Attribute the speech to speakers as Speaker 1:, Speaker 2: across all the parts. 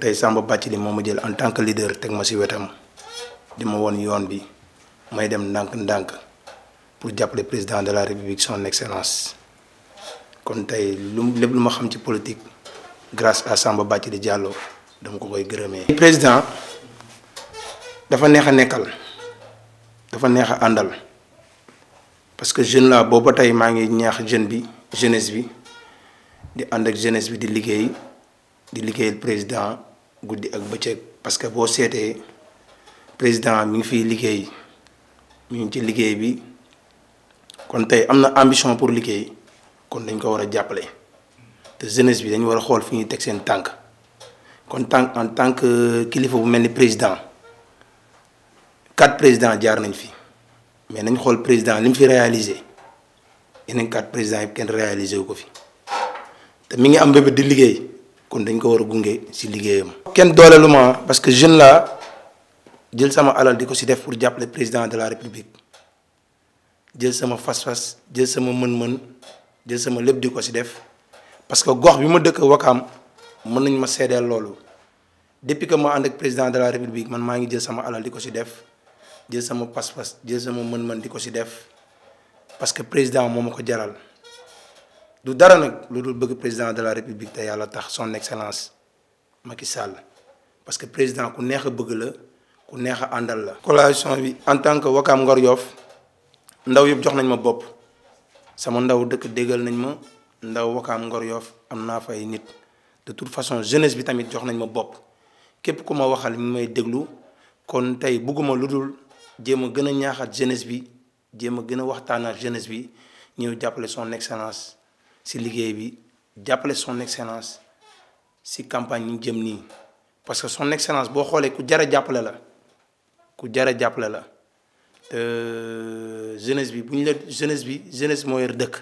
Speaker 1: tay Samba Bathily moo ma jël en tant que leader teg ma si wetam di ma yoon bi may dem ndank ndank pour jàppale président de la république son excellence kon tay lu luma xam ci politique grâce à Samba Bathily Diallo dama ko koy gërëmee. président dafa nexa nekkal dafa nexa andal parce que jeune la booba tay ma ngi ñaax jeune bi jeunesse bi di ànd ak jeunesse bi di liggéey di liggéeyal président goudi ak bëccëg parce que bo seetee président mi ngi fiy liggéey mi ngi ci liggéey bi kon tay amna ambition pour liggéey kon dañ ko wara jappalé jàppale te jeunesse bi dañ wara xol xool fi ñuy teg seen tànk kon tank en tant que kilifa bu melni président quatre présidents jaar nañ fi mais nañ xol président lim fi réaliser yeneen quatre présidents yëpp kenn réaliser ko fi te mi ngi am bébé di liggéey. kon dañ ko wara gungé ci ligéyam ken kenn parce que jeune la jël sama alal diko ci def pour jàppale président de la république jël sama fas-fas jël sama mën-mën jël sama lepp diko ci def parce que gox bima ma dëkk wakam mën nañ ma seedeel lolu depuis que ma and ak président de la république man ma ngi jël sama alal diko ci def jël sama pas-pas jël sama mën-mën diko ci def parce que président momako jaral du dara nak lu bëgg président de la république te yàlla tax son excellence Macky Sall parce que président ku neex a bëgg la ku neex a àndal la. coalition bi en tant que wakam Ngor Yoff ndaw yëpp jox nañ ma bopp sama ndaw dëkk déggal nañ ma ndaw wakam Ngor Yoff am naa fay nit de toute façon jeunesse bi tamit jox nañ ma bopp képp ku ma waxal mi may déglu kon tey bugguma lu dul jéem a gën a ñaaxaat jeunesse bi jéem a gën a waxtaanaat jeunesse bi ñëw jàppale son excellence si liguey bi jàppale son excellence si campagne ñu jëm ni parce que son excellence bo xolé ku jara a la ku jara a la te euh, jeunesse bi buñ la jeunesse bi jeunesse moo yor dëkk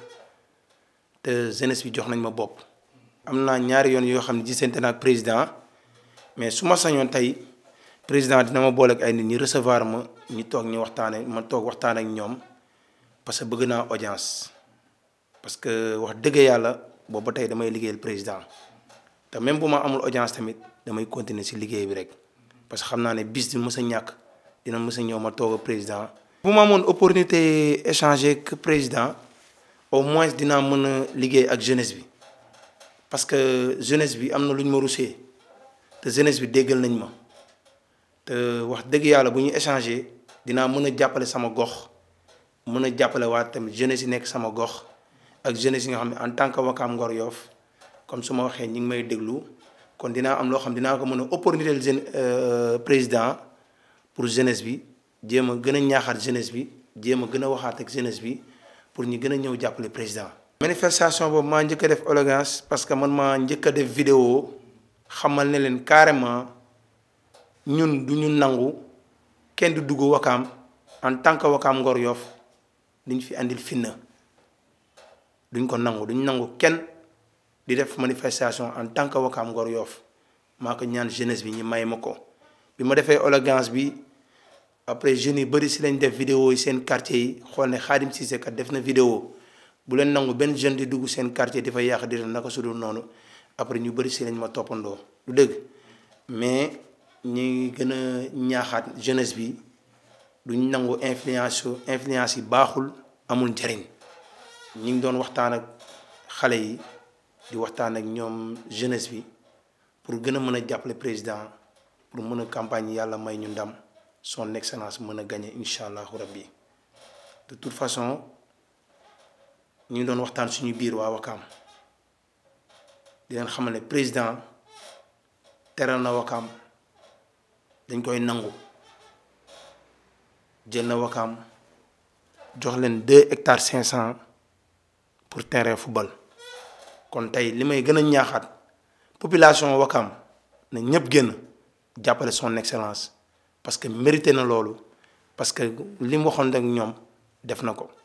Speaker 1: te jeunesse bi jox nañ ma bop amna naa ñaari yoon yo xamni ci gisante ak président mais suma sañon tay président dina ma boole ak ay nit ñi recevoir ma ñi tok ñi waxtane ma tok waxtane ak ñom parce que bëgg na audience parce que wax dëgg yalla boobu ba tey damay liggéeyal président te même buma amul audience tamit damay continuer ci liggéey bi rek parce que xamna né bis bi mës ñak dina mës ñëw ma toog président. buma ma opportunité échanger que président au moins dina mëna a ak jeunesse bi parce que jeunesse bi amna na lu ñu ma te jeunesse bi déggal nañ ma te wax dëgg yalla buñu échanger dina mëna jappalé sama gox mëna jappalé wa waa tamit jeunesse nek sama gox. ak jeunesse yi nga xam en tant que wakam Ngor yof comme suma waxe ñi ngi may deglu kon dina am lo xam dina ko mëna opportunité le euh président pour jeunesse bi jema gëna gën jeunesse bi jema gëna waxat ak jeunesse bi pour ñi gëna ñew président. manifestation bo ma ñëk def élégance parce que man ma ñëk def vidéo xamal ne len carrément ñun du nangu kenn du dugg wakam en tant que wakam Ngor yof liñ fi andil finna duñ ko nangu duñ nangu kenn di def manifestation en tant que Wakaam Ngor Yoff maa ko ñaan jeunesse bi ñi may ma ko bi ma defee élégance bi après jeunes yu bëri si lañ def vidéo yi seen quartier yi xool ne Khadim Cissé kat def na vidéo bu leen nangu benn jeune di dugg seen quartier di fa yàq di naka su dul noonu après ñu bëri si lañ ma toppandoo lu dëgg mais ñu gën a ñaaxaat jeunesse bi duñ nangu influence influence yi baaxul amul njariñ Nous ngi doon waxtaan ak yi di waxtaan ak jeunesse bi pour gën a mën président pour mën campagne yàlla may ñu ndam son excellence mën a gagné incha de toute façon ñu ngi doon waxtaan suñu biir di leen xamal président teral na Wakam, dañ koy nangu jël na jox 2 hectares 500 pour terrain football kon tay limay gëna gën ñaaxaat population wakam ne ñëpp génn jàppale son excellence parce que mérité na loolu parce que lim mu waxoon ak ñoom def na ko.